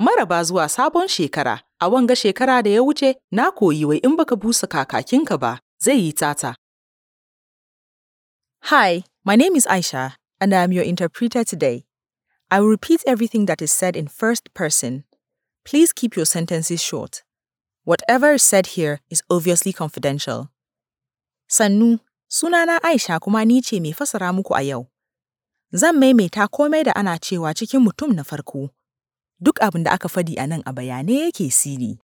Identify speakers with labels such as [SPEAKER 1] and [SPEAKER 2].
[SPEAKER 1] Maraba zuwa sabon shekara, a wanga shekara da ya wuce na koyi wai in baka busa kakakinka ba zai yi tata. Hi, my name is Aisha and I am your interpreter today. I will repeat everything that is said in first person. Please keep your sentences short. Whatever is said here is obviously confidential. Sannu, sunana Aisha kuma ni ce mai fasara muku a yau. Zan maimaita komai da ana cewa cikin mutum na farko Duk abin da aka faɗi a nan a bayanai yake siri